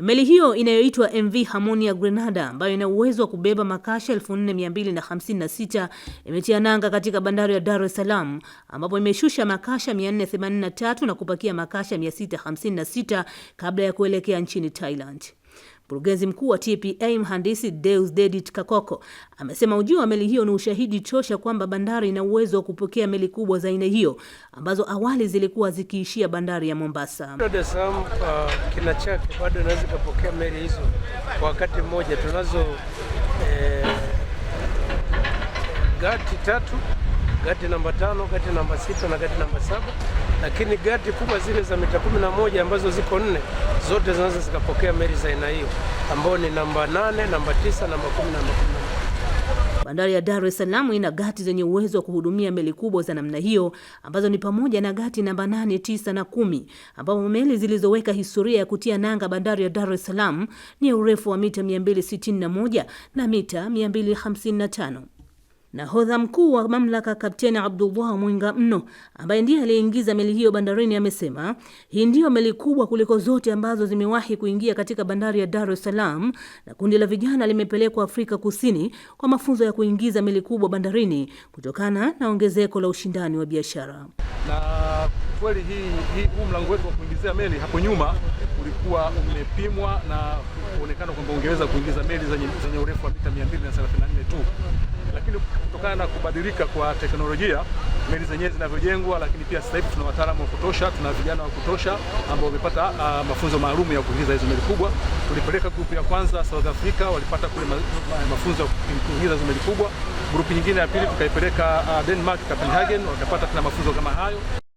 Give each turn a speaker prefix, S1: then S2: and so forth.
S1: Meli hiyo inayoitwa MV Harmonia Grenada ambayo ina uwezo wa kubeba makasha 4256 imetia nanga katika bandari ya Dar es Salaam ambapo imeshusha makasha 483 na kupakia makasha 656 kabla ya kuelekea nchini Thailand. Mkurugenzi mkuu wa TPA mhandisi Deus Dedit Kakoko amesema ujio wa meli hiyo ni ushahidi tosha kwamba bandari ina uwezo wa kupokea meli kubwa za aina hiyo ambazo awali zilikuwa zikiishia bandari ya Mombasa.
S2: Dar es Salaam uh, kina chake bado inaweza ikapokea meli hizo kwa wakati mmoja. Tunazo eh, gati tatu gati namba tano, gati namba sita na gati namba saba, lakini gati kubwa zile za mita kumi na moja ambazo ziko nne zote zinaweza zikapokea meli za aina hiyo ambayo ni namba nane, namba tisa, namba kumi na kumi na moja.
S1: Bandari ya Dar es Salaam ina gati zenye uwezo wa kuhudumia meli kubwa za namna hiyo ambazo ni pamoja na gati namba 8, tisa na kumi ambapo meli zilizoweka historia ya kutia nanga bandari ya Dar es Salaam ni urefu wa mita 261 na mita 255. Nahodha mkuu wa mamlaka Kapteni Abdullah Mwinga Mno, ambaye ndiye aliyeingiza meli hiyo bandarini, amesema hii ndiyo meli kubwa kuliko zote ambazo zimewahi kuingia katika bandari ya Dar es Salaam, na kundi la vijana limepelekwa Afrika Kusini kwa mafunzo ya kuingiza meli kubwa bandarini kutokana na ongezeko la ushindani wa biashara.
S3: Na kweli hii hii, huu mlango wetu wa kuingizia meli hapo nyuma ulikuwa umepimwa na kuonekana kwamba ungeweza kuingiza meli zenye urefu wa mita 234 tu kutokana na kubadilika kwa teknolojia meli zenyewe zinavyojengwa, lakini pia sasa hivi tuna wataalamu wa kutosha, tuna vijana wa kutosha ambao wamepata uh, mafunzo maalum ya kuingiza hizo meli kubwa. Tulipeleka grupu ya kwanza South Africa, walipata kule ma, ma, mafunzo ya kuingiza hizo meli kubwa. Grupu nyingine ya pili tukaipeleka uh, Denmark Copenhagen, wakapata tena mafunzo kama hayo.